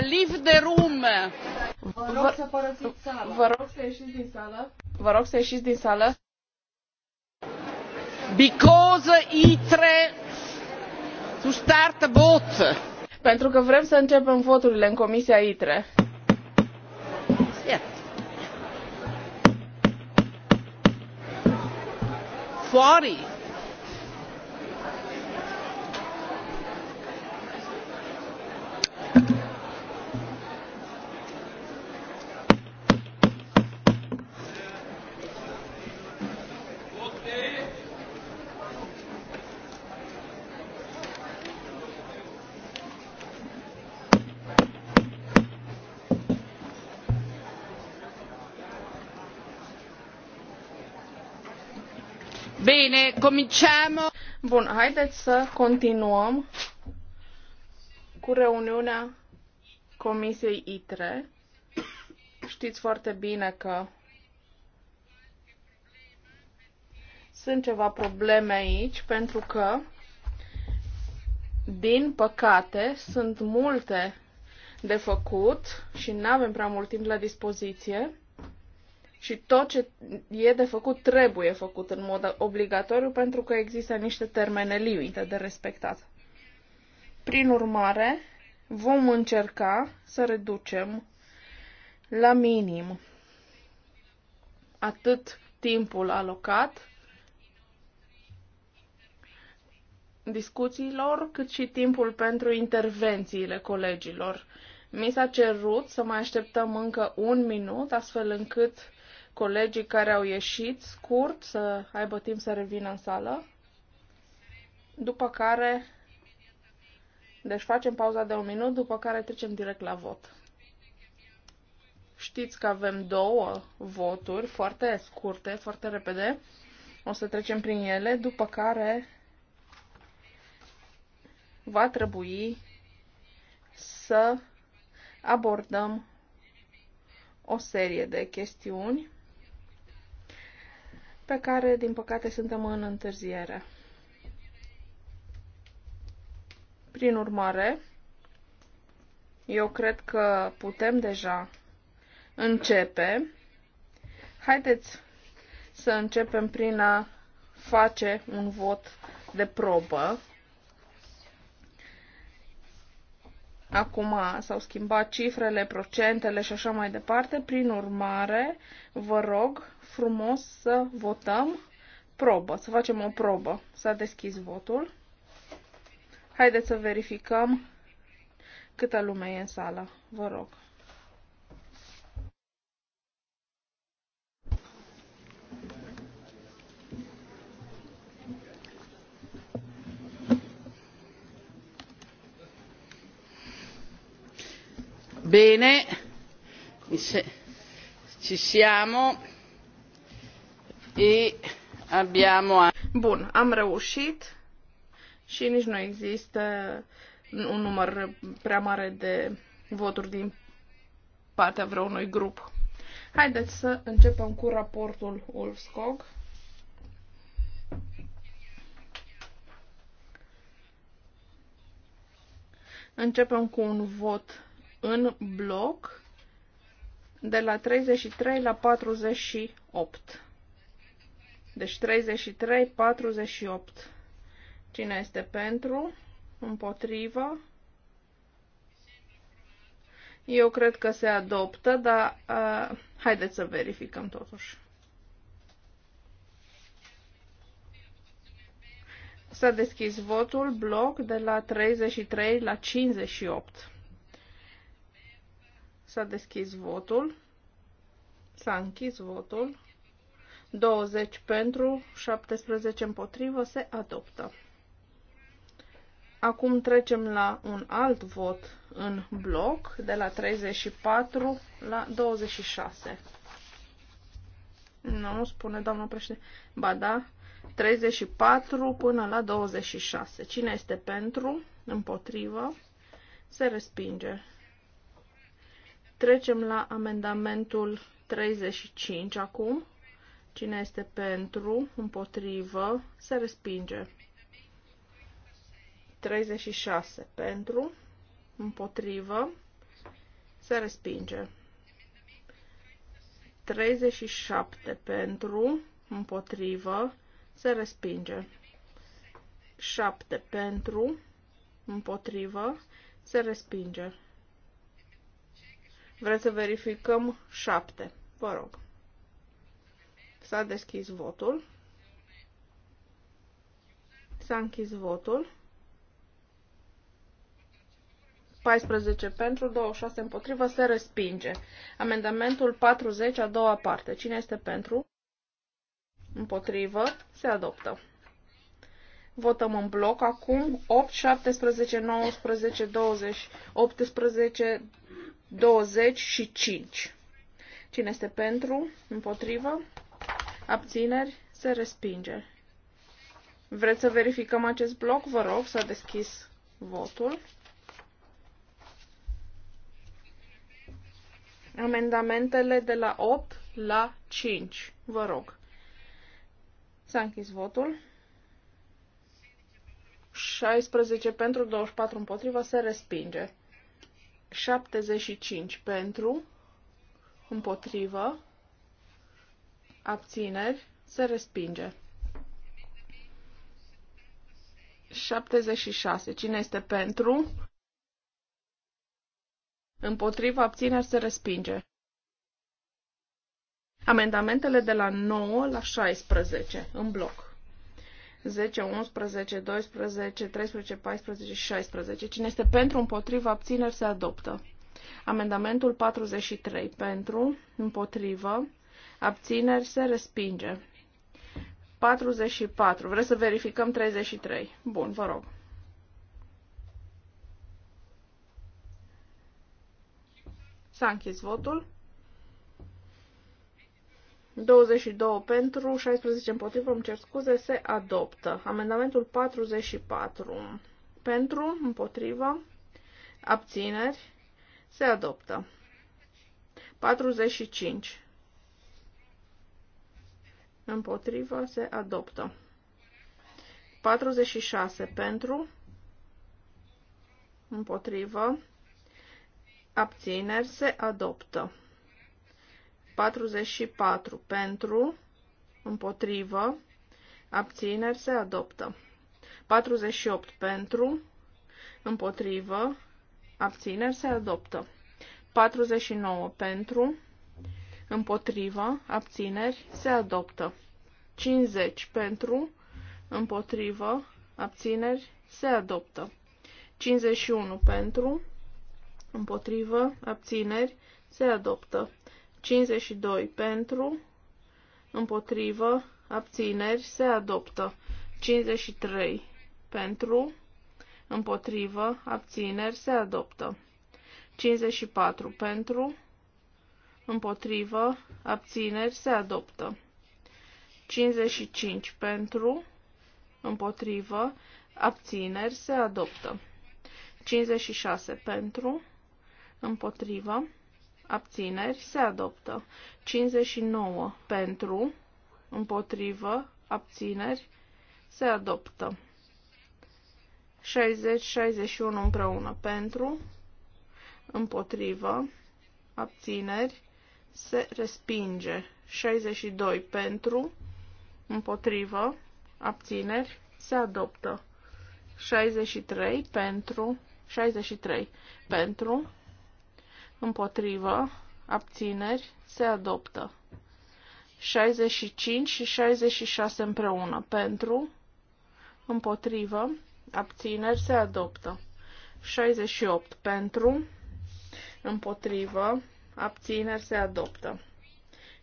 leave the room. Vă rog să părăsiți sala. Vă rog să ieșiți din sală. Vă rog să ieșiți din sală. Because itre to start vote. Pentru că vrem să începem voturile în Comisia ITRE. Yeah. Fuori! Bine, cominciam. Bun, haideți să continuăm cu reuniunea Comisiei ITRE. Știți foarte bine că sunt ceva probleme aici pentru că, din păcate, sunt multe de făcut și nu avem prea mult timp la dispoziție și tot ce e de făcut trebuie făcut în mod obligatoriu pentru că există niște termene limite de respectat. Prin urmare, vom încerca să reducem la minim atât timpul alocat discuțiilor, cât și timpul pentru intervențiile colegilor. Mi s-a cerut să mai așteptăm încă un minut, astfel încât colegii care au ieșit scurt să aibă timp să revină în sală, după care, deci facem pauza de un minut, după care trecem direct la vot. Știți că avem două voturi foarte scurte, foarte repede. O să trecem prin ele, după care va trebui să abordăm o serie de chestiuni pe care, din păcate, suntem în întârziere. Prin urmare, eu cred că putem deja începe. Haideți să începem prin a face un vot de probă. Acum s-au schimbat cifrele, procentele și așa mai departe. Prin urmare, vă rog frumos să votăm probă, să facem o probă. S-a deschis votul. Haideți să verificăm câtă lume e în sală, vă rog. Bene, ci siamo. Bun, am reușit și nici nu există un număr prea mare de voturi din partea vreunui grup. Haideți să începem cu raportul Ulfskog. Începem cu un vot în bloc de la 33 la 48. Deci 33, 48. Cine este pentru? Împotrivă? Eu cred că se adoptă, dar uh, haideți să verificăm totuși. S-a deschis votul bloc de la 33 la 58. S-a deschis votul. S-a închis votul. 20 pentru, 17 împotrivă, se adoptă. Acum trecem la un alt vot în bloc, de la 34 la 26. Nu, spune doamna președinte. Ba da, 34 până la 26. Cine este pentru, împotrivă, se respinge. Trecem la amendamentul 35 acum. Cine este pentru, împotrivă, se respinge. 36. Pentru, împotrivă, se respinge. 37. Pentru, împotrivă, se respinge. 7. Pentru, împotrivă, se respinge. Vreți să verificăm 7. Vă rog. S-a deschis votul. S-a închis votul. 14 pentru, 26 împotrivă, se respinge. Amendamentul 40, a doua parte. Cine este pentru? Împotrivă, se adoptă. Votăm în bloc acum 8, 17, 19, 20, 18, 20 și 5. Cine este pentru? Împotrivă? abțineri, se respinge. Vreți să verificăm acest bloc? Vă rog, s-a deschis votul. Amendamentele de la 8 la 5. Vă rog. S-a închis votul. 16 pentru, 24 împotriva, se respinge. 75 pentru, împotrivă, abțineri, se respinge. 76. Cine este pentru? Împotriva abțineri se respinge. Amendamentele de la 9 la 16 în bloc. 10, 11, 12, 13, 14 și 16. Cine este pentru, împotriva, abțineri se adoptă. Amendamentul 43 pentru, împotrivă, abțineri, se respinge. 44. Vreți să verificăm 33. Bun, vă rog. S-a închis votul. 22 pentru, 16 împotrivă, îmi cer scuze, se adoptă. Amendamentul 44 pentru, împotrivă, abțineri, se adoptă. 45 Împotrivă se adoptă. 46 pentru. Împotrivă. Abțineri se adoptă. 44 pentru. Împotrivă. Abțineri se adoptă. 48 pentru. Împotrivă. Abțineri se adoptă. 49 pentru împotriva, abțineri, se adoptă. 50 pentru, împotrivă, abțineri, se adoptă. 51 pentru, împotrivă, abțineri, se adoptă. 52 pentru, împotrivă, abțineri, se adoptă. 53 pentru, împotrivă, abțineri, se adoptă. 54 pentru, împotrivă, abțineri, se adoptă. 55 pentru, împotrivă, abțineri, se adoptă. 56 pentru, împotrivă, abțineri, se adoptă. 59 pentru, împotrivă, abțineri, se adoptă. 60-61 împreună pentru, împotrivă, abțineri, se respinge. 62 pentru, împotrivă, abțineri, se adoptă. 63 pentru, 63 pentru, împotrivă, abțineri, se adoptă. 65 și 66 împreună, pentru, împotrivă, abțineri, se adoptă. 68 pentru, împotrivă, abțineri se adoptă.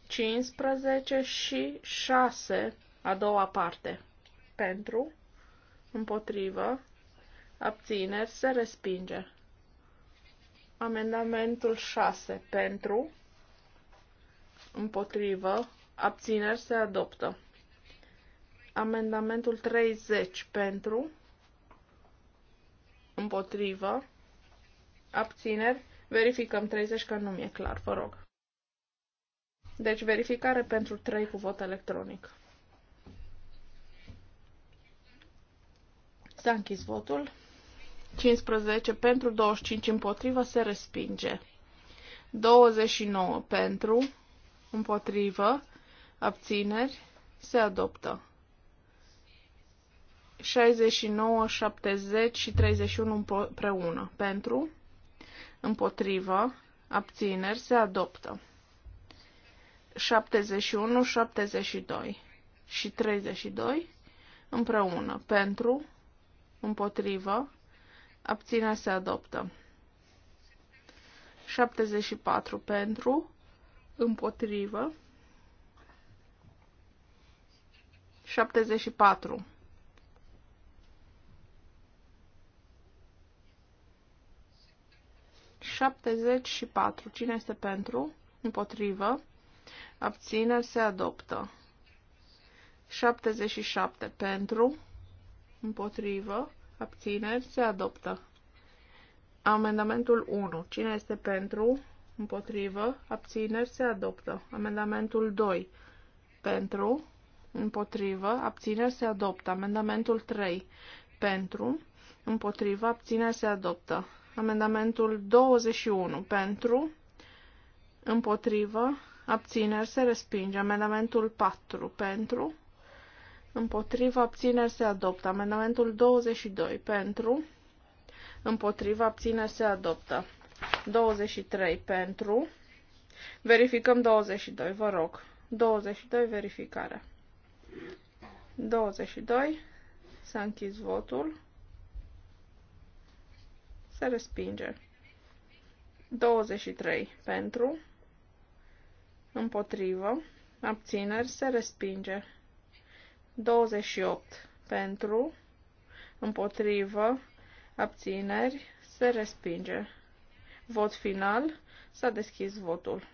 15 și 6, a doua parte, pentru, împotrivă, abțineri se respinge. Amendamentul 6, pentru, împotrivă, abțineri se adoptă. Amendamentul 30, pentru, împotrivă, abțineri Verificăm 30 că nu mi-e clar, vă rog. Deci verificare pentru 3 cu vot electronic. S-a închis votul. 15 pentru, 25 împotrivă, se respinge. 29 pentru, împotrivă, abțineri, se adoptă. 69, 70 și 31 împreună. Pentru, împotrivă, abțineri, se adoptă. 71, 72 și 32 împreună, pentru, împotrivă, abțineri, se adoptă. 74 pentru, împotrivă, 74 74. Cine este pentru? Împotrivă. Abțineri se adoptă. 77. Pentru. Împotrivă. Abțineri se adoptă. Amendamentul 1. Cine este pentru? Împotrivă. Abțineri se adoptă. Amendamentul 2. Pentru. Împotrivă. Abțineri se adoptă. Amendamentul 3. Pentru. Împotrivă. Abțineri se adoptă. Amendamentul 21 pentru, împotrivă, abțineri se respinge. Amendamentul 4 pentru, împotrivă, abțineri se adoptă. Amendamentul 22 pentru, împotrivă, abțineri se adoptă. 23 pentru, verificăm 22, vă rog. 22 verificare. 22, s-a închis votul. Se respinge. 23 pentru, împotrivă, abțineri, se respinge. 28 pentru, împotrivă, abțineri, se respinge. Vot final, s-a deschis votul.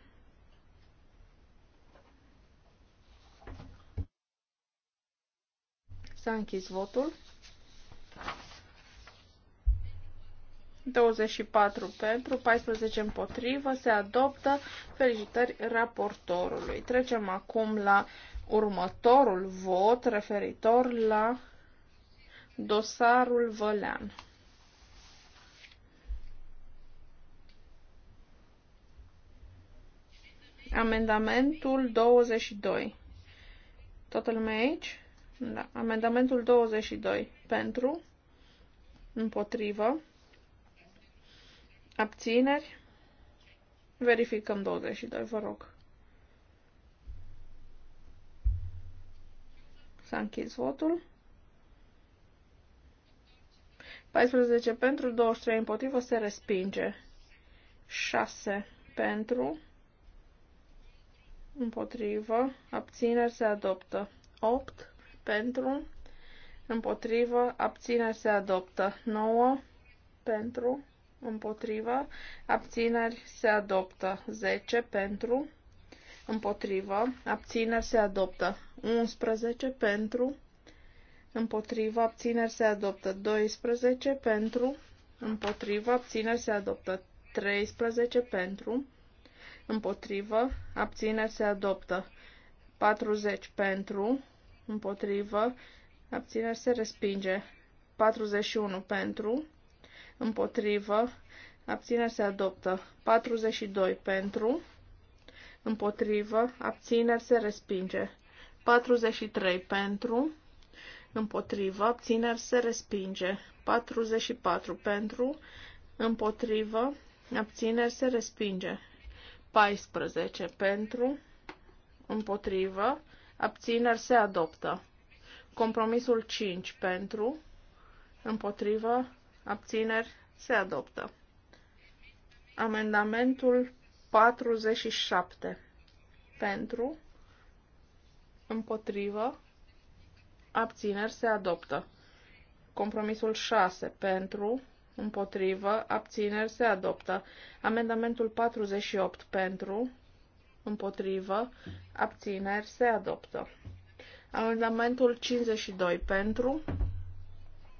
S-a închis votul. 24 pentru, 14 împotrivă, se adoptă. Felicitări raportorului. Trecem acum la următorul vot referitor la dosarul Vălean. Amendamentul 22. Toată lumea aici? Da. Amendamentul 22. Pentru. Împotrivă. Abțineri. Verificăm 22, vă rog. S-a închis votul. 14 pentru, 23 împotrivă, se respinge. 6 pentru, împotrivă, abțineri se adoptă. 8 pentru, împotrivă, abțineri se adoptă. 9 pentru, împotrivă, abțineri se adoptă 10 pentru, împotrivă, abțineri se adoptă 11 pentru, împotrivă, abțineri se adoptă 12 pentru, împotrivă, abțineri se adoptă 13 pentru, împotrivă, abțineri se adoptă 40 pentru, împotrivă, abțineri se respinge 41 pentru, împotrivă, abțineri se adoptă. 42 pentru, împotrivă, abțineri se respinge. 43 pentru, împotrivă, abțineri se respinge. 44 pentru, împotrivă, abțineri se respinge. 14 pentru, împotrivă, abțineri se adoptă. Compromisul 5 pentru, împotrivă, abțineri, se adoptă. Amendamentul 47 pentru, împotrivă, abțineri, se adoptă. Compromisul 6 pentru, împotrivă, abțineri, se adoptă. Amendamentul 48 pentru, împotrivă, abțineri, se adoptă. Amendamentul 52 pentru,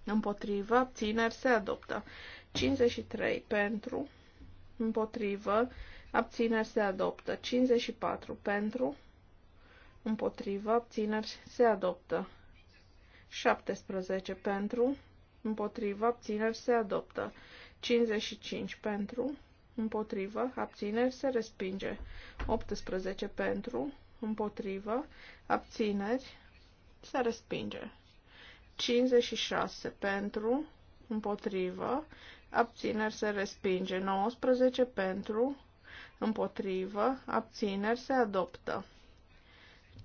Împotrivă, abțineri, se adoptă. 53 pentru, împotrivă, abțineri, se adoptă. 54 pentru, împotrivă, abțineri, se adoptă. 17 pentru, împotrivă, abțineri, se adoptă. 55 pentru, împotrivă, abțineri, se respinge. 18 pentru, împotrivă, abțineri, se respinge. 56 pentru, împotrivă, abțineri se respinge. 19 pentru, împotrivă, abțineri se adoptă.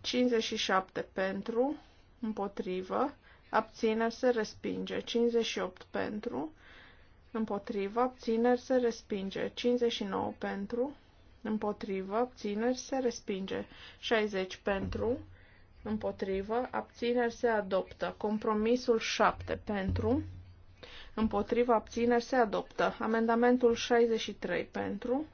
57 pentru, împotrivă, abțineri se respinge. 58 pentru, împotrivă, abțineri se respinge. 59 pentru, împotrivă, abțineri se respinge. 60 pentru, Împotrivă. Abțineri se adoptă. Compromisul 7 pentru. Împotrivă. Abțineri se adoptă. Amendamentul 63 pentru.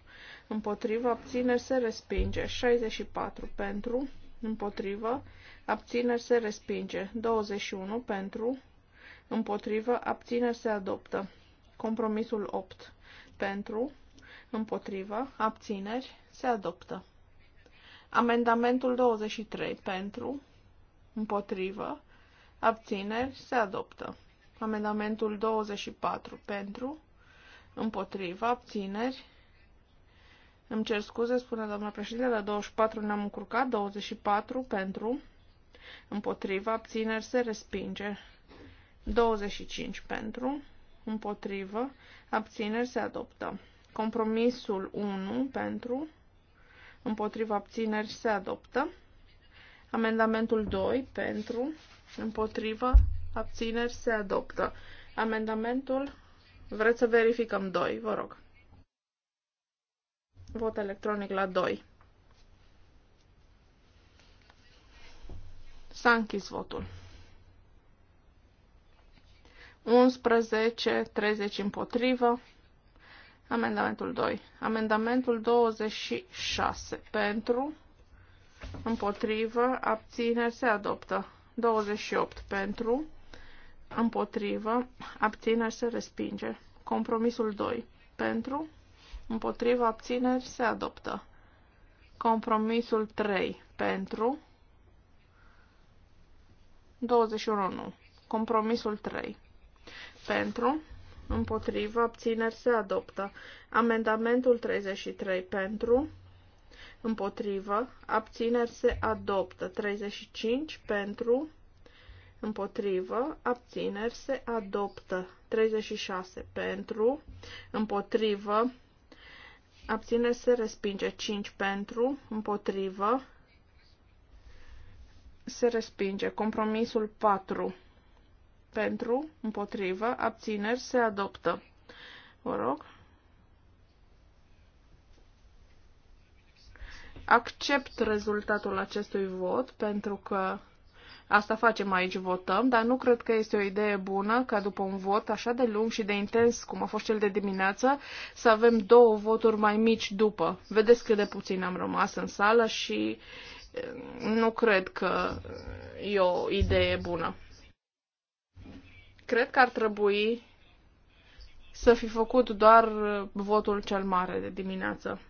Împotrivă. Abțineri se respinge. 64 pentru. Împotrivă. Abțineri se respinge. 21 pentru. Împotrivă. Abțineri se adoptă. Compromisul 8 pentru. Împotrivă. Abțineri se adoptă. Amendamentul 23 pentru, împotrivă, abțineri, se adoptă. Amendamentul 24 pentru, împotrivă, abțineri. Îmi cer scuze, spune doamna președinte, la 24 ne-am încurcat, 24 pentru, împotrivă, abțineri, se respinge. 25 pentru, împotrivă, abțineri, se adoptă. Compromisul 1 pentru, împotriva abțineri se adoptă. Amendamentul 2 pentru, împotriva abțineri se adoptă. Amendamentul, vreți să verificăm 2, vă rog. Vot electronic la 2. S-a închis votul. 11, 30 împotrivă, Amendamentul 2. Amendamentul 26. Pentru, împotrivă, abțineri, se adoptă. 28. Pentru, împotrivă, abțineri, se respinge. Compromisul 2. Pentru, împotrivă, abțineri, se adoptă. Compromisul 3. Pentru, 21. Nu. Compromisul 3. Pentru, împotrivă, abțineri se adoptă. Amendamentul 33 pentru, împotrivă, abțineri se adoptă. 35 pentru, împotrivă, abțineri se adoptă. 36 pentru, împotrivă, abțineri se respinge. 5 pentru, împotrivă, se respinge. Compromisul 4 pentru, împotrivă, abțineri se adoptă. Vă rog. Accept rezultatul acestui vot pentru că Asta facem aici, votăm, dar nu cred că este o idee bună ca după un vot așa de lung și de intens cum a fost cel de dimineață să avem două voturi mai mici după. Vedeți cât de puțin am rămas în sală și eh, nu cred că e o idee bună. Cred că ar trebui să fi făcut doar uh, votul cel mare de dimineață.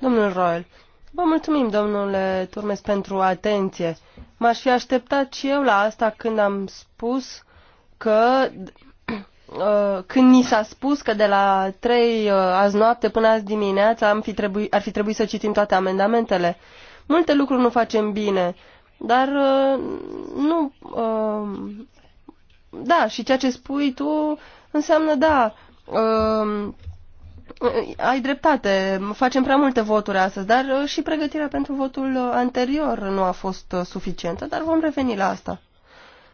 Domnul Royal, vă mulțumim, domnule Turmes, pentru atenție. M-aș fi așteptat și eu la asta când am spus că Uh, când ni s-a spus că de la 3 uh, azi noapte până azi dimineața am fi trebui, ar fi trebuit să citim toate amendamentele. Multe lucruri nu facem bine, dar uh, nu... Da, și ceea ce spui tu înseamnă, da, ai dreptate, facem prea multe voturi astăzi, dar și pregătirea pentru votul anterior nu a fost suficientă, dar vom reveni la asta.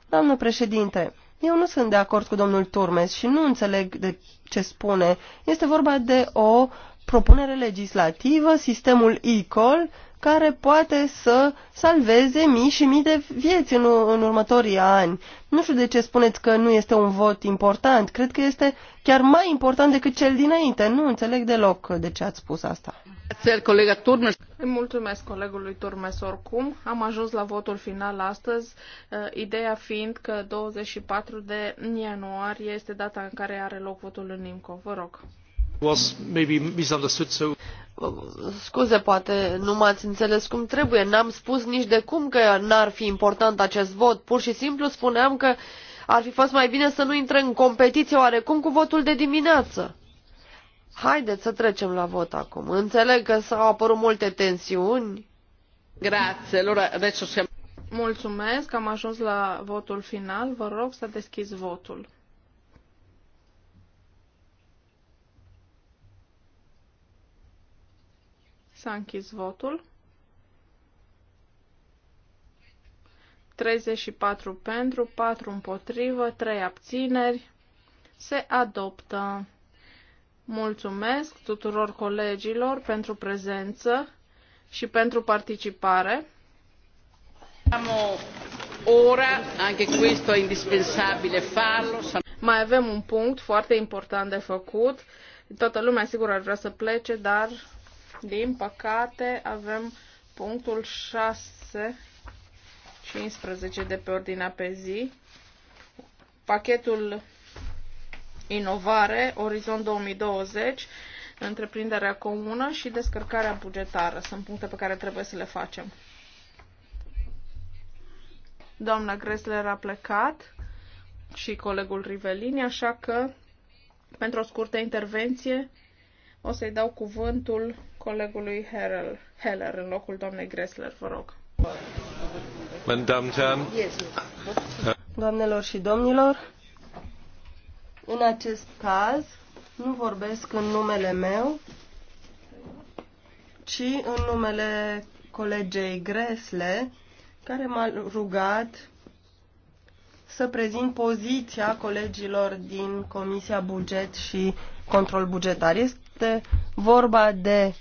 Doamnă președinte, eu nu sunt de acord cu domnul Turmes și nu înțeleg de ce spune. Este vorba de o propunere legislativă, sistemul Icol, care poate să salveze mii și mii de vieți în, în următorii ani. Nu știu de ce spuneți că nu este un vot important. Cred că este chiar mai important decât cel dinainte. Nu înțeleg deloc de ce ați spus asta. Îi mulțumesc colegului Turmes oricum. Am ajuns la votul final astăzi, eh, ideea fiind că 24 de ianuarie este data în care are loc votul în IMCO. Vă rog. Was maybe misunderstood, so... Scuze, poate nu m-ați înțeles cum trebuie. N-am spus nici de cum că n-ar fi important acest vot. Pur și simplu spuneam că ar fi fost mai bine să nu intre în competiție oarecum cu votul de dimineață. Haideți să trecem la vot acum. Înțeleg că s-au apărut multe tensiuni. Lura. Deci o să... Mulțumesc, am ajuns la votul final. Vă rog să deschizi votul. S-a închis votul. 34 pentru, 4 împotrivă, 3 abțineri. Se adoptă. Mulțumesc tuturor colegilor pentru prezență și pentru participare. Siamo ora, anche questo è indispensabile farlo. Mai avem un punct foarte important de făcut. Toată lumea sigur ar vrea să plece, dar din păcate avem punctul 6, 15 de pe ordinea pe zi. Pachetul inovare, Orizont 2020, întreprinderea comună și descărcarea bugetară. Sunt puncte pe care trebuie să le facem. Doamna Gresler a plecat și colegul Rivelini, așa că pentru o scurtă intervenție o să-i dau cuvântul colegului Herel, Heller în locul doamnei Gresler, vă rog. Doamnelor și domnilor, în acest caz, nu vorbesc în numele meu, ci în numele colegei Gresle, care m-a rugat să prezint poziția colegilor din Comisia Buget și Control Bugetar. Este vorba de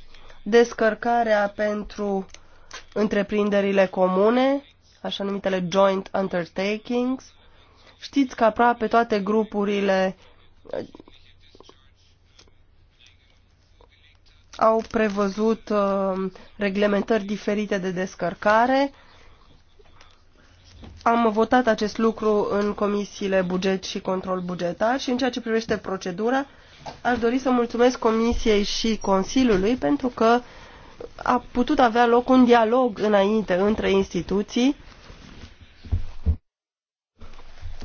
descărcarea pentru întreprinderile comune, așa numitele joint undertakings, Știți că aproape toate grupurile uh, au prevăzut uh, reglementări diferite de descărcare. Am votat acest lucru în comisiile buget și control bugetar și în ceea ce privește procedura, aș dori să mulțumesc Comisiei și Consiliului pentru că a putut avea loc un dialog înainte între instituții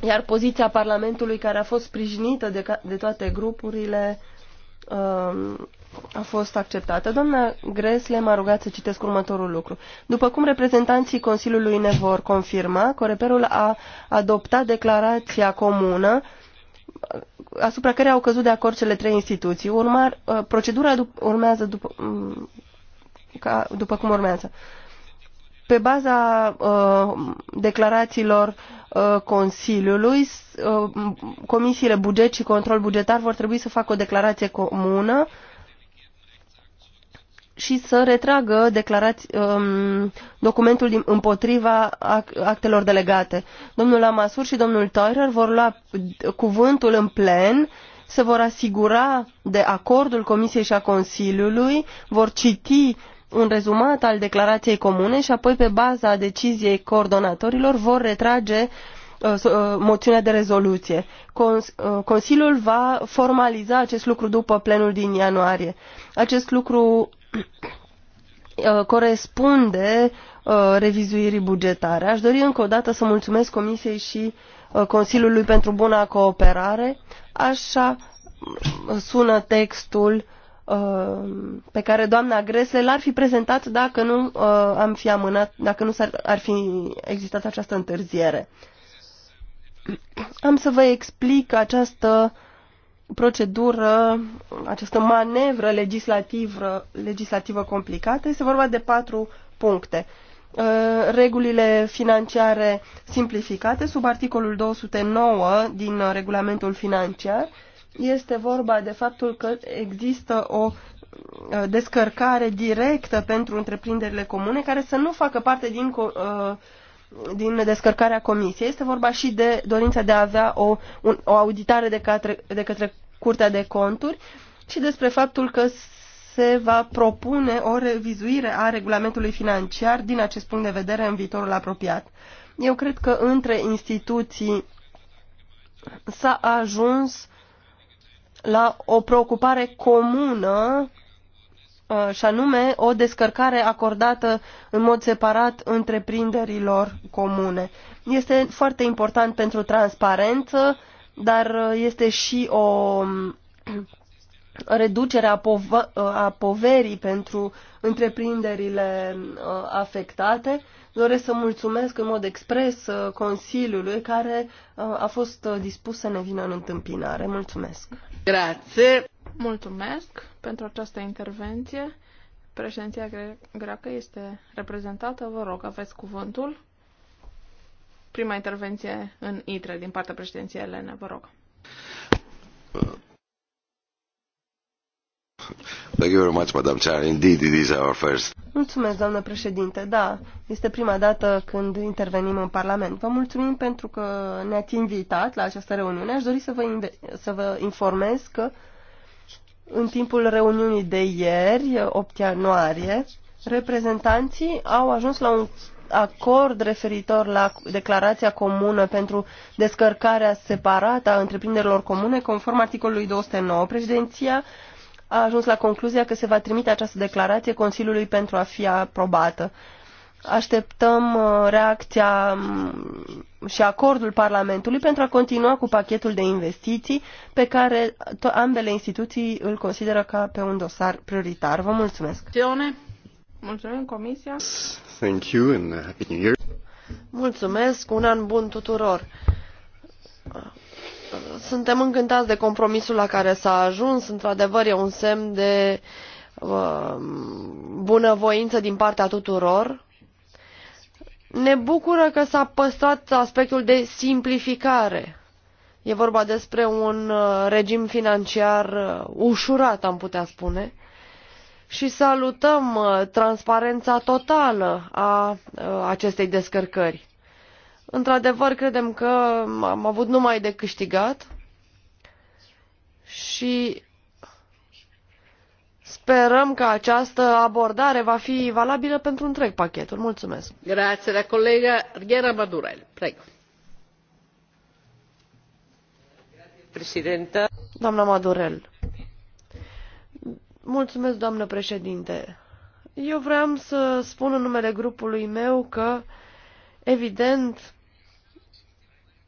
iar poziția Parlamentului, care a fost sprijinită de, de toate grupurile, um, a fost acceptată. Doamna Gresle m-a rugat să citesc următorul lucru. După cum reprezentanții Consiliului ne vor confirma, Coreperul a adoptat declarația comună uh, asupra care au căzut de acord cele trei instituții. Urmar, uh, procedura dup- urmează după, mm, ca, după cum urmează pe baza uh, declarațiilor uh, Consiliului, uh, comisiile buget și control bugetar vor trebui să facă o declarație comună și să retragă declarați, um, documentul din, împotriva actelor delegate. Domnul Amasur și domnul Teurer vor lua cuvântul în plen, se vor asigura de acordul Comisiei și a Consiliului, vor citi un rezumat al declarației comune și apoi pe baza deciziei coordonatorilor vor retrage uh, uh, moțiunea de rezoluție. Uh, Consiliul va formaliza acest lucru după plenul din ianuarie. Acest lucru corespunde revizuirii bugetare. Aș dori încă o dată să mulțumesc Comisiei și Consiliului pentru buna cooperare. Așa sună textul Uh, pe care doamna Grese l-ar fi prezentat dacă nu uh, am fi amânat, dacă nu ar ar fi existat această întârziere. Am să vă explic această procedură, această manevră legislativă, legislativă complicată. Este vorba de patru puncte. Uh, regulile financiare simplificate sub articolul 209 din regulamentul financiar, este vorba de faptul că există o uh, descărcare directă pentru întreprinderile comune care să nu facă parte din, uh, din descărcarea comisiei. Este vorba și de dorința de a avea o, un, o auditare de către, de către Curtea de Conturi și despre faptul că se va propune o revizuire a regulamentului financiar din acest punct de vedere în viitorul apropiat. Eu cred că între instituții s-a ajuns la o preocupare comună uh, și anume o descărcare acordată în mod separat întreprinderilor comune. Este foarte important pentru transparență, dar uh, este și o um, reducere a, pov- uh, a poverii pentru întreprinderile afectate Doresc să mulțumesc în mod expres uh, Consiliului care uh, a fost uh, dispus să ne vină în întâmpinare. Mulțumesc! Grație! Mulțumesc pentru această intervenție. Președinția gre greacă este reprezentată. Vă rog, aveți cuvântul. Prima intervenție în ITRE din partea președinției Elene, vă rog. Thank you very much, Madam Chair. Indeed, it is our first. Mulțumesc, doamnă președinte. Da, este prima dată când intervenim în Parlament. Vă mulțumim pentru că ne-ați invitat la această reuniune. Aș dori să vă, să vă informez că în timpul reuniunii de ieri, 8 ianuarie, reprezentanții au ajuns la un acord referitor la declarația comună pentru descărcarea separată a întreprinderilor comune, conform articolului 209. Președinția a ajuns la concluzia că se va trimite această declarație Consiliului pentru a fi aprobată. Așteptăm uh, reacția mm, și acordul Parlamentului pentru a continua cu pachetul de investiții pe care ambele instituții îl consideră ca pe un dosar prioritar. Vă mulțumesc! Mulțumim, Comisia! Thank you and Happy New Year! Mulțumesc! Un an bun tuturor! suntem încântați de compromisul la care s-a ajuns. Într-adevăr, e un semn de uh, bunăvoință din partea tuturor. Ne bucură că s-a păstrat aspectul de simplificare. E vorba despre un uh, regim financiar uh, ușurat, am putea spune, și salutăm uh, transparența totală a acestei descărcări. Într-adevăr, credem că am avut numai de câștigat și sperăm că această abordare va fi valabilă pentru întreg pachetul. Mulțumesc. Grație, la colega Riera Madurel. Prego. Președintă. Doamna Madurel. Mulțumesc, doamnă președinte. Eu vreau să spun în numele grupului meu că, evident,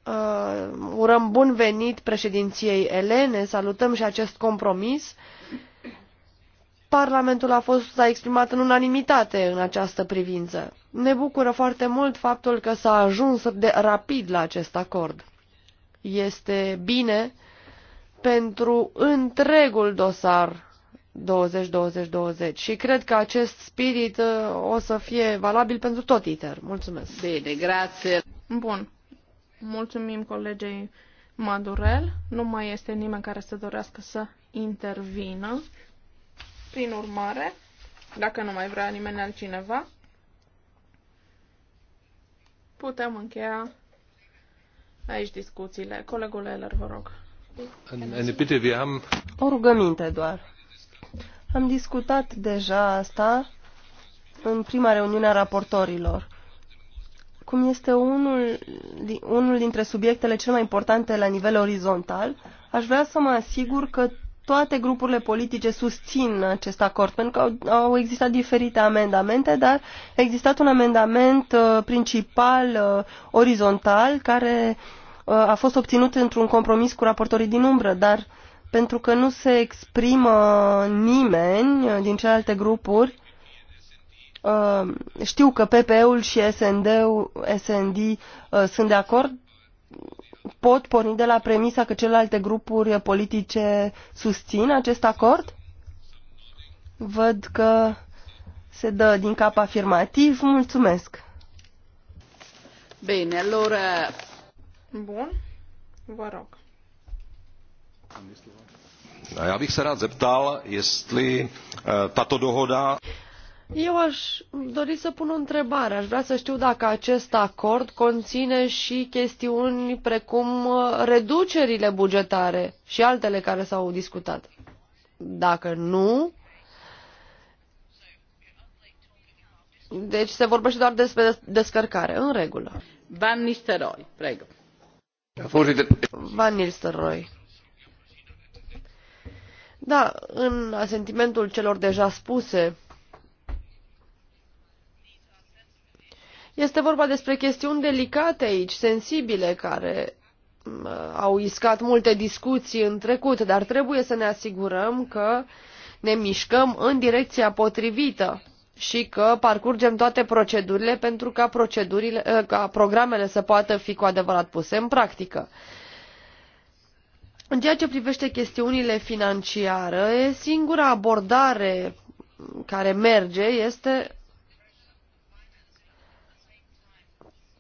Uh, urăm bun venit președinției Elene, salutăm și acest compromis. Parlamentul a fost a exprimat în unanimitate în această privință. Ne bucură foarte mult faptul că s-a ajuns de rapid la acest acord. Este bine pentru întregul dosar 20-20-20 și cred că acest spirit uh, o să fie valabil pentru tot ITER. Mulțumesc. Bine, grație. Bun. Mulțumim colegei Madurel. Nu mai este nimeni care să dorească să intervină. Prin urmare, dacă nu mai vrea nimeni altcineva, putem încheia aici discuțiile. Colegul Eller, vă rog. O rugăminte doar. Am discutat deja asta în prima reuniune a raportorilor cum este unul, unul dintre subiectele cel mai importante la nivel orizontal, aș vrea să mă asigur că toate grupurile politice susțin acest acord, pentru că au, au existat diferite amendamente, dar a existat un amendament uh, principal, uh, orizontal, care uh, a fost obținut într-un compromis cu raportorii din umbră, dar pentru că nu se exprimă nimeni uh, din celelalte grupuri, Um, știu că PPE-ul și SND, SND uh, sunt de acord. Pot porni de la premisa că celelalte grupuri politice susțin acest acord? Văd că se dă din cap afirmativ. Mulțumesc. Bine, allora... Bun, vă rog. Já bych se rád zeptal, jestli eh, tato dohoda... Eu aș dori să pun o întrebare. Aș vrea să știu dacă acest acord conține și chestiuni precum uh, reducerile bugetare și altele care s-au discutat. Dacă nu, deci se vorbește doar despre descărcare. În regulă. Van Nistelrooy, prego. Van Nistelrooy. Da, în asentimentul celor deja spuse, Este vorba despre chestiuni delicate aici, sensibile, care au iscat multe discuții în trecut, dar trebuie să ne asigurăm că ne mișcăm în direcția potrivită și că parcurgem toate procedurile pentru ca, procedurile, eh, ca programele să poată fi cu adevărat puse în practică. În ceea ce privește chestiunile financiare, singura abordare care merge este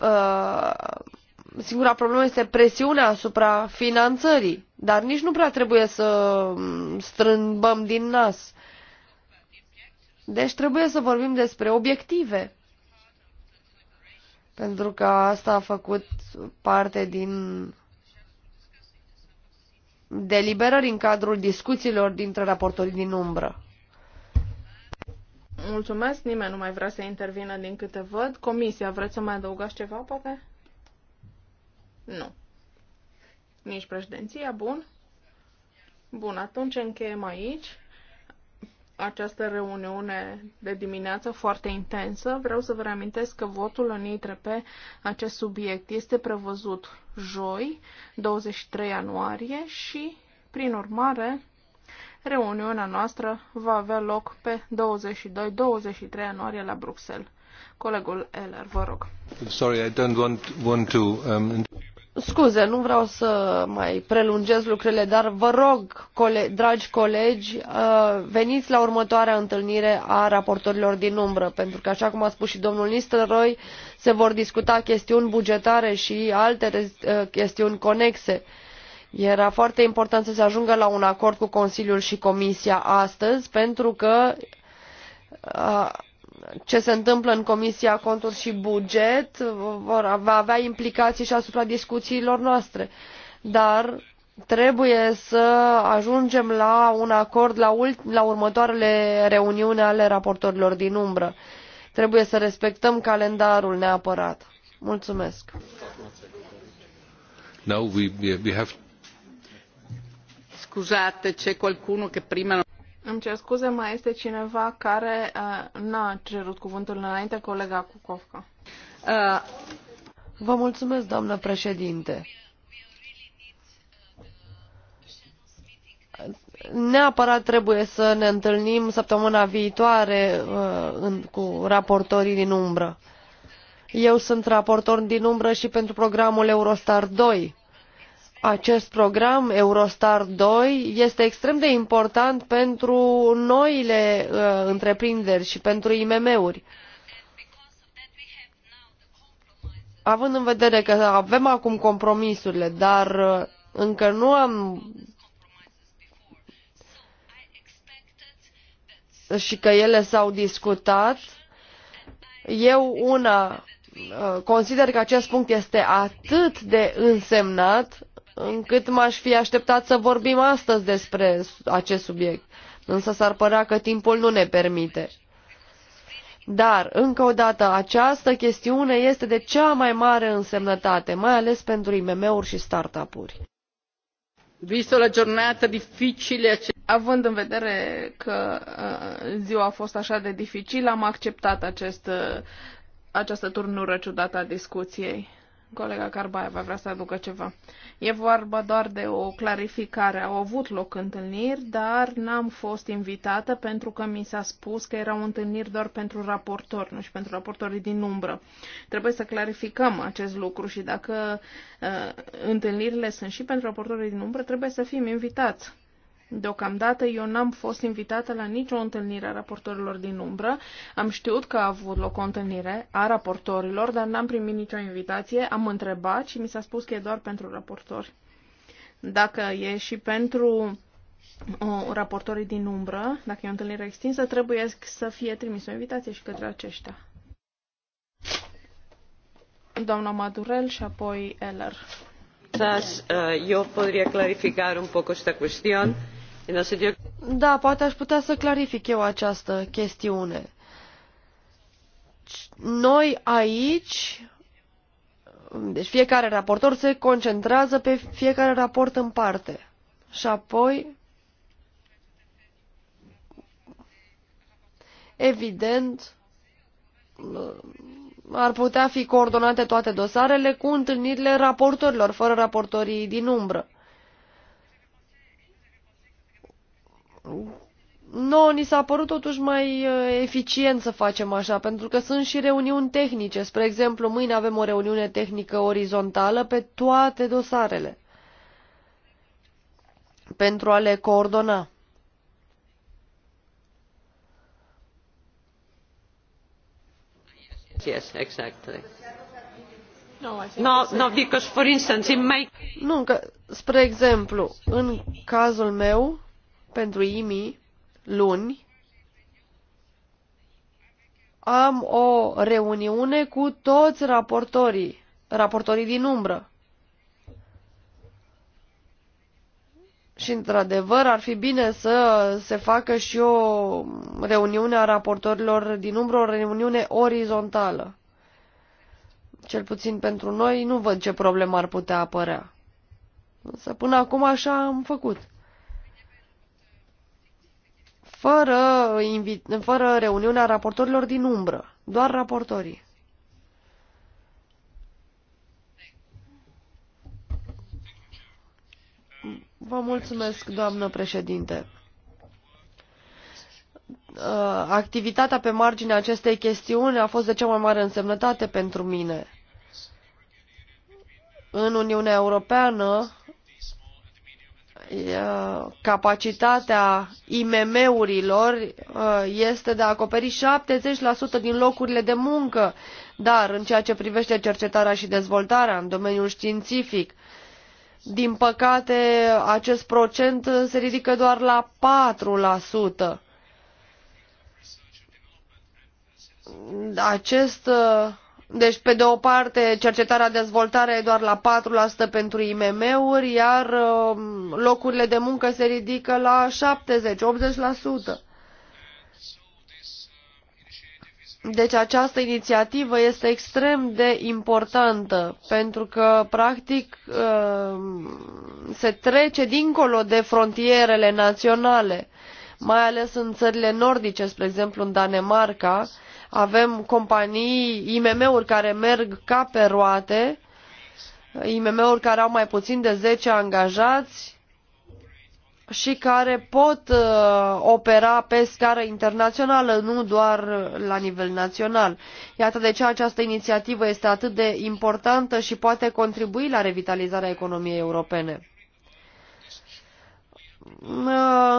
Uh, singura problemă este presiunea asupra finanțării, dar nici nu prea trebuie să um, strâmbăm din nas. Deci trebuie să vorbim despre obiective. Pentru că asta a făcut parte din deliberări în cadrul discuțiilor dintre raportorii din umbră. Mulțumesc, nimeni nu mai vrea să intervină din câte văd. Comisia, vreți să mai adăugați ceva, poate? Nu. Nici președinția, bun. Bun, atunci încheiem aici această reuniune de dimineață foarte intensă. Vreau să vă reamintesc că votul în ITRE pe acest subiect este prevăzut joi, 23 ianuarie și, prin urmare, Reuniunea noastră va avea loc pe 22-23 ianuarie la Bruxelles. Colegul Eller, vă rog. Sorry, I don't want, want to, um... Scuze, nu vreau să mai prelungesc lucrurile, dar vă rog, cole dragi colegi, uh, veniți la următoarea întâlnire a raportorilor din umbră, pentru că, așa cum a spus și domnul Nistelrooy, se vor discuta chestiuni bugetare și alte uh, chestiuni conexe. Uh, era foarte important să se ajungă la un acord cu Consiliul și Comisia astăzi, pentru că ce se întâmplă în Comisia Conturi și Buget vor, va avea implicații și asupra discuțiilor noastre. Dar trebuie să ajungem la un acord la, la următoarele reuniuni ale raportorilor din umbră. Trebuie să respectăm calendarul neapărat. Mulțumesc. Now we, we have Scuzate, c'è qualcuno che prima... Îmi cer scuze, mai este cineva care uh, n-a cerut cuvântul înainte, colega Cucovca. Uh, Vă mulțumesc, doamnă președinte. Neapărat trebuie să ne întâlnim săptămâna viitoare uh, în, cu raportorii din umbră. Eu sunt raportor din umbră și pentru programul Eurostar 2 acest program Eurostar 2 este extrem de important pentru noile uh, întreprinderi și pentru IMM-uri. Având în vedere că avem acum compromisurile, dar uh, încă nu am și că ele s-au discutat, eu una uh, consider că acest punct este atât de însemnat încât m-aș fi așteptat să vorbim astăzi despre acest subiect, însă s-ar părea că timpul nu ne permite. Dar, încă o dată, această chestiune este de cea mai mare însemnătate, mai ales pentru IMM-uri și startup-uri. Visto la giornata dificile având în vedere că uh, ziua a fost așa de dificilă, am acceptat acest, uh, această turnură ciudată a discuției. Colega Carbaia vrea să aducă ceva. E vorba doar de o clarificare. Au avut loc întâlniri, dar n-am fost invitată pentru că mi s-a spus că erau întâlniri doar pentru raportori, nu și pentru raportorii din umbră. Trebuie să clarificăm acest lucru și dacă uh, întâlnirile sunt și pentru raportorii din umbră, trebuie să fim invitați. Deocamdată eu n-am fost invitată la nicio întâlnire a raportorilor din umbră. Am știut că a avut loc o întâlnire a raportorilor, dar n-am primit nicio invitație. Am întrebat și mi s-a spus că e doar pentru raportori. Dacă e și pentru o, raportorii din umbră, dacă e o întâlnire extinsă, trebuie să fie trimis o invitație și către aceștia. Doamna Madurel și apoi Eller. Uh, eu uh, yo podría clarificar un poco esta cuestión. Uh, Eh da, poate aș putea să clarific eu această chestiune. Noi aici, deci fiecare raportor se concentrează pe fiecare raport în parte. Și apoi, evident, ar putea fi coordonate toate dosarele cu întâlnirile raportorilor, fără raportorii din umbră. No, ni s-a părut totuși mai uh, eficient să facem așa, pentru că sunt și reuniuni tehnice. Spre exemplu, mâine avem o reuniune tehnică orizontală pe toate dosarele pentru a le coordona. Yes, exactly. No, no, because for instance, in my... Nu, că, spre exemplu, în cazul meu, pentru IMI luni am o reuniune cu toți raportorii, raportorii din umbră. Și, într-adevăr, ar fi bine să se facă și o reuniune a raportorilor din umbră, o reuniune orizontală. Cel puțin pentru noi, nu văd ce problemă ar putea apărea. Însă, până acum, așa am făcut fără, fără reuniunea raportorilor din umbră, doar raportorii. Vă mulțumesc, doamnă președinte. Uh, activitatea pe marginea acestei chestiuni a fost de cea mai mare însemnătate pentru mine. În Uniunea Europeană, Uh, capacitatea IMM-urilor uh, este de a acoperi 70% din locurile de muncă, dar în ceea ce privește cercetarea și dezvoltarea în domeniul științific, din păcate, acest procent se ridică doar la 4%. Acest uh, deci, pe de o parte, cercetarea dezvoltare e doar la 4% pentru IMM-uri, iar uh, locurile de muncă se ridică la 70-80%. Deci această inițiativă este extrem de importantă pentru că, practic, uh, se trece dincolo de frontierele naționale, mai ales în țările nordice, spre exemplu în Danemarca, avem companii, IMM-uri care merg ca pe roate, IMM-uri care au mai puțin de 10 angajați și care pot uh, opera pe scară internațională, nu doar la nivel național. Iată de ce această inițiativă este atât de importantă și poate contribui la revitalizarea economiei europene.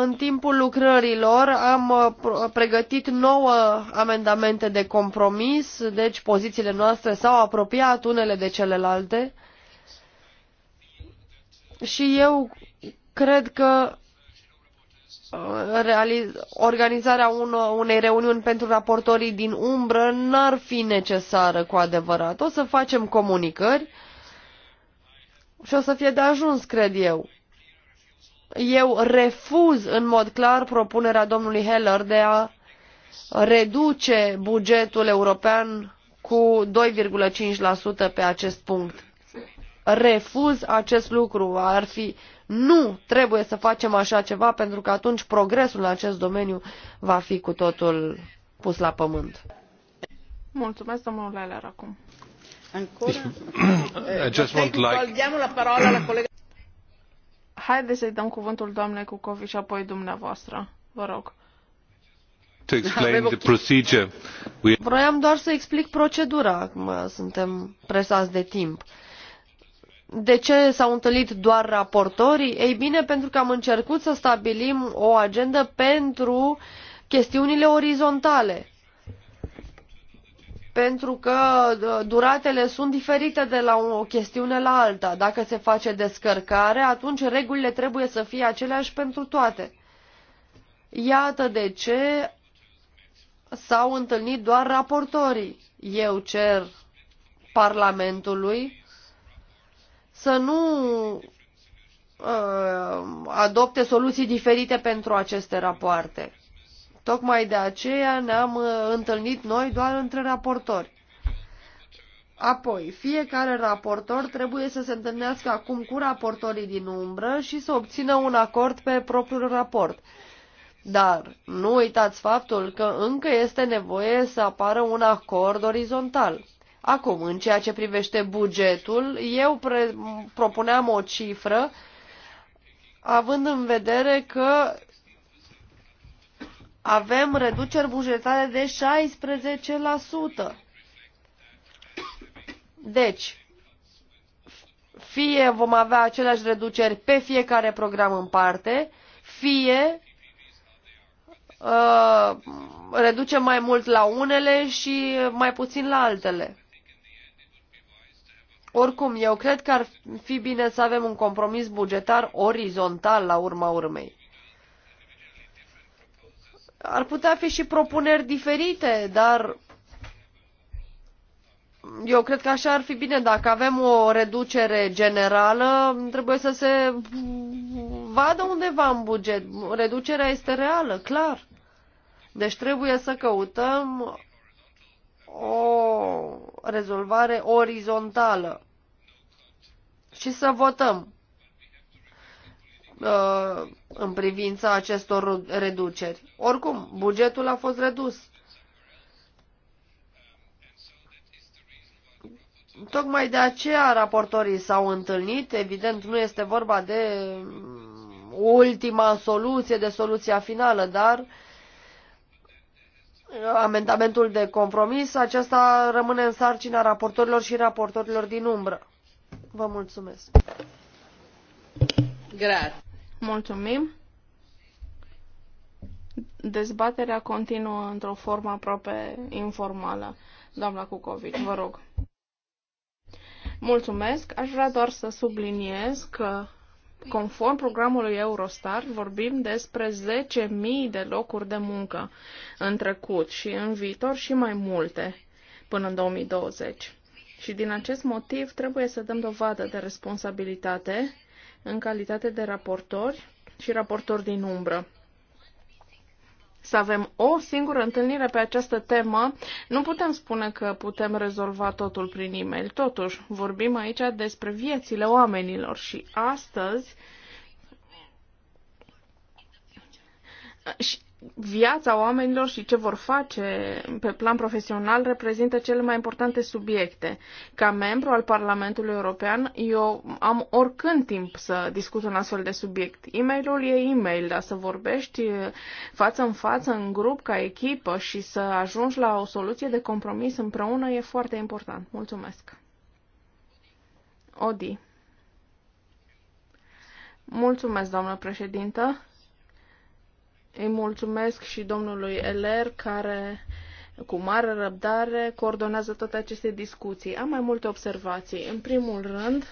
În timpul lucrărilor am uh, pregătit nouă amendamente de compromis, deci pozițiile noastre s-au apropiat unele de celelalte. Și eu cred că uh, organizarea unei reuniuni pentru raportorii din umbră n-ar fi necesară cu adevărat. O să facem comunicări și o să fie de ajuns, cred eu eu refuz în mod clar propunerea domnului Heller de a reduce bugetul european cu 2,5% pe acest punct. Refuz acest lucru. Ar fi nu, trebuie să facem așa ceva pentru că atunci progresul în acest domeniu va fi cu totul pus la pământ. Mulțumesc, domnul Leller, acum. Ancora? Eh, la parola Haideți să-i dăm cuvântul doamnei Cucovi și apoi dumneavoastră. Vă rog. To explain the procedure. We... Vroiam doar să explic procedura. Acum suntem presați de timp. De ce s-au întâlnit doar raportorii? Ei bine, pentru că am încercat să stabilim o agendă pentru chestiunile orizontale pentru că duratele sunt diferite de la o chestiune la alta. Dacă se face descărcare, atunci regulile trebuie să fie aceleași pentru toate. Iată de ce s-au întâlnit doar raportorii. Eu cer Parlamentului să nu uh, adopte soluții diferite pentru aceste rapoarte. Tocmai de aceea ne-am uh, întâlnit noi doar între raportori. Apoi, fiecare raportor trebuie să se întâlnească acum cu raportorii din umbră și să obțină un acord pe propriul raport. Dar nu uitați faptul că încă este nevoie să apară un acord orizontal. Acum, în ceea ce privește bugetul, eu propuneam o cifră având în vedere că avem reduceri bugetare de 16%. Deci, fie vom avea aceleași reduceri pe fiecare program în parte, fie uh, reducem mai mult la unele și mai puțin la altele. Oricum, eu cred că ar fi bine să avem un compromis bugetar orizontal la urma urmei. Ar putea fi și propuneri diferite, dar eu cred că așa ar fi bine. Dacă avem o reducere generală, trebuie să se vadă undeva în buget. Reducerea este reală, clar. Deci trebuie să căutăm o rezolvare orizontală și să votăm. Uh, în privința acestor reduceri. Oricum, bugetul a fost redus. Tocmai de aceea raportorii s-au întâlnit, evident nu este vorba de mm, ultima soluție, de soluția finală, dar amendamentul de compromis, acesta rămâne în sarcina raportorilor și raportorilor din umbră. Vă mulțumesc. Grazie. Mulțumim. Dezbaterea continuă într-o formă aproape informală. Doamna Cucovici, vă rog. Mulțumesc. Aș vrea doar să subliniez că Conform programului Eurostar, vorbim despre 10.000 de locuri de muncă în trecut și în viitor și mai multe până în 2020. Și din acest motiv trebuie să dăm dovadă de responsabilitate în calitate de raportori și raportori din umbră să avem o singură întâlnire pe această temă, nu putem spune că putem rezolva totul prin e-mail. Totuși, vorbim aici despre viețile oamenilor și astăzi și viața oamenilor și ce vor face pe plan profesional reprezintă cele mai importante subiecte. Ca membru al Parlamentului European, eu am oricând timp să discut un astfel de subiect. E-mailul e e-mail, dar să vorbești față în față, în grup, ca echipă și să ajungi la o soluție de compromis împreună e foarte important. Mulțumesc. Odi. Mulțumesc, doamnă președintă. Îi mulțumesc și domnului Eler, care cu mare răbdare coordonează toate aceste discuții. Am mai multe observații. În primul rând,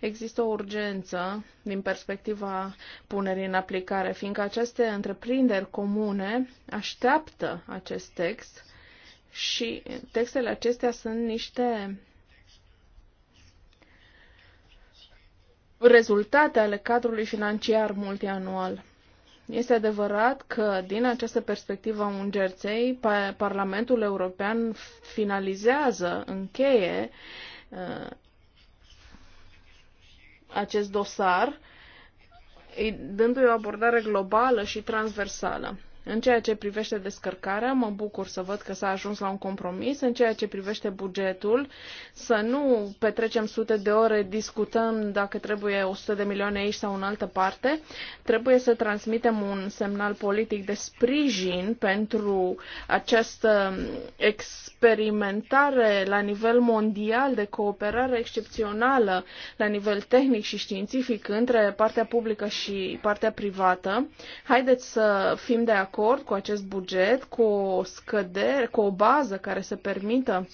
există o urgență din perspectiva punerii în aplicare, fiindcă aceste întreprinderi comune așteaptă acest text și textele acestea sunt niște rezultate ale cadrului financiar multianual. Este adevărat că, din această perspectivă a Ungerței, Parlamentul European finalizează, încheie uh, acest dosar, dându-i o abordare globală și transversală. În ceea ce privește descărcarea, mă bucur să văd că s-a ajuns la un compromis. În ceea ce privește bugetul, să nu petrecem sute de ore discutând dacă trebuie 100 de milioane aici sau în altă parte. Trebuie să transmitem un semnal politic de sprijin pentru această experimentare la nivel mondial de cooperare excepțională la nivel tehnic și științific între partea publică și partea privată. Haideți să fim de acord acord cu acest buget, cu o scădere, cu o bază care să permită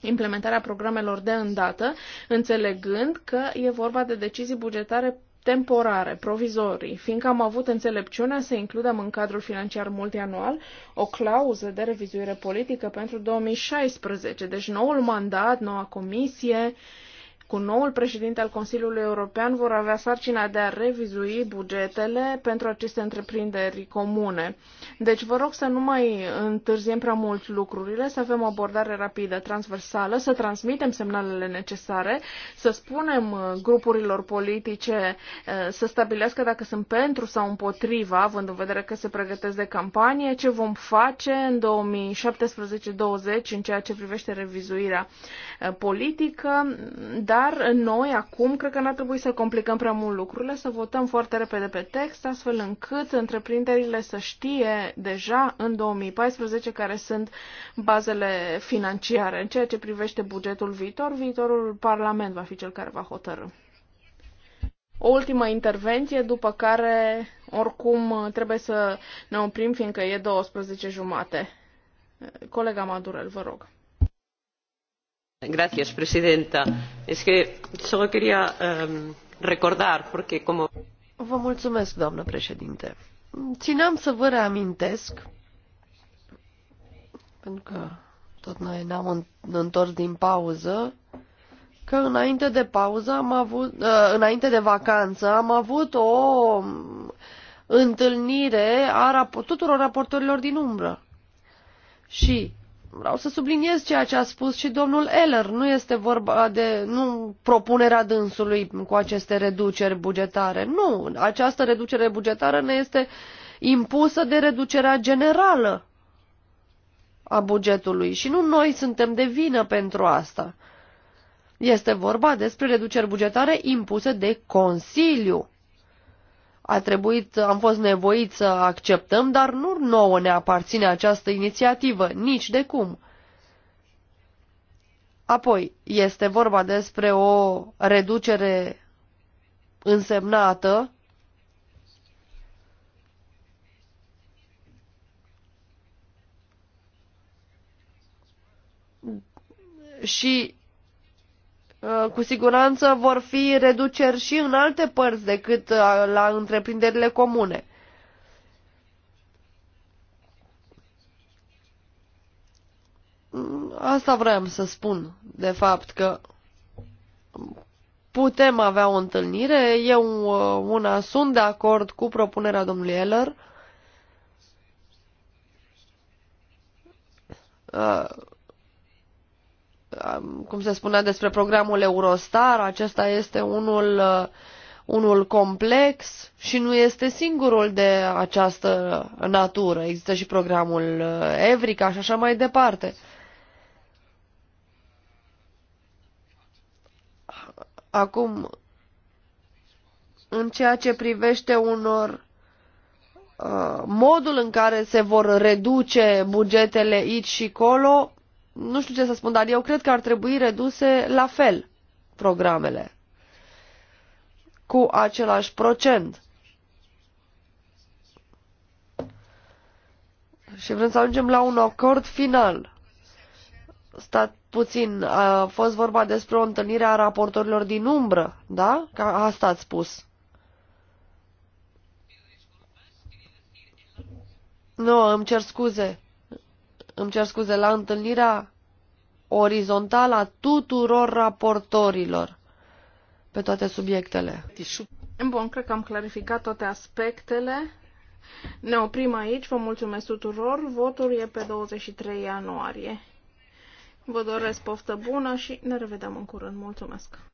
implementarea programelor de îndată, înțelegând că e vorba de decizii bugetare temporare, provizorii, fiindcă am avut înțelepciunea să includem în cadrul financiar multianual o clauză de revizuire politică pentru 2016, deci noul mandat, noua comisie, uh, cu noul președinte al Consiliului European vor avea sarcina de a revizui bugetele pentru aceste întreprinderi comune. Deci vă rog să nu mai întârziem prea mult lucrurile, să avem o abordare rapidă, transversală, să transmitem semnalele necesare, să spunem uh, grupurilor politice uh, să stabilească dacă sunt pentru sau împotriva, având în vedere că se pregătesc de campanie, ce vom face în 2017-2020 în ceea ce privește revizuirea uh, politică, dar dar noi acum cred că n-ar trebui să complicăm prea mult lucrurile, să votăm foarte repede pe text, astfel încât întreprinderile să știe deja în 2014 care sunt bazele financiare. În ceea ce privește bugetul viitor, viitorul Parlament va fi cel care va hotărâ. O ultimă intervenție, după care oricum trebuie să ne oprim, fiindcă e 12 jumate. Colega Madurel, vă rog señora presidenta. Es que solo quería recordar, porque como... Vă mulțumesc, doamnă președinte. Țineam să vă reamintesc, pentru că tot noi ne-am întors din pauză, că înainte de pauză am avut, ă, înainte de vacanță am avut o întâlnire a tuturor raportorilor din umbră. Și vreau să subliniez ceea ce a spus și domnul Eller. Nu este vorba de nu propunerea dânsului cu aceste reduceri bugetare. Nu, această reducere bugetară ne este impusă de reducerea generală a bugetului și nu noi suntem de vină pentru asta. Este vorba despre reduceri bugetare impuse de Consiliu a trebuit, am fost nevoiți să acceptăm, dar nu nouă ne aparține această inițiativă, nici de cum. Apoi, este vorba despre o reducere însemnată și Uh, cu siguranță vor fi reduceri și în alte părți decât uh, la întreprinderile comune. Mm, asta vreau să spun, de fapt, că putem avea o întâlnire. Eu uh, una sunt de acord cu propunerea domnului Eller cum se spunea despre programul Eurostar, acesta este unul, uh, unul complex și nu este singurul de această natură. Există și programul uh, Evrica și așa mai departe. Acum, în ceea ce privește unor uh, modul în care se vor reduce bugetele aici și colo, nu știu ce să spun, dar eu cred că ar trebui reduse la fel programele cu același procent. Și vrem să ajungem la un acord final. Stat puțin, a fost vorba despre o întâlnire a raportorilor din umbră, da? Ca asta ați spus. Nu, îmi cer scuze îmi cer scuze, la întâlnirea orizontală a tuturor raportorilor pe toate subiectele. Bun, cred că am clarificat toate aspectele. Ne oprim aici, vă mulțumesc tuturor. Votul e pe 23 ianuarie. Vă doresc poftă bună și ne revedem în curând. Mulțumesc!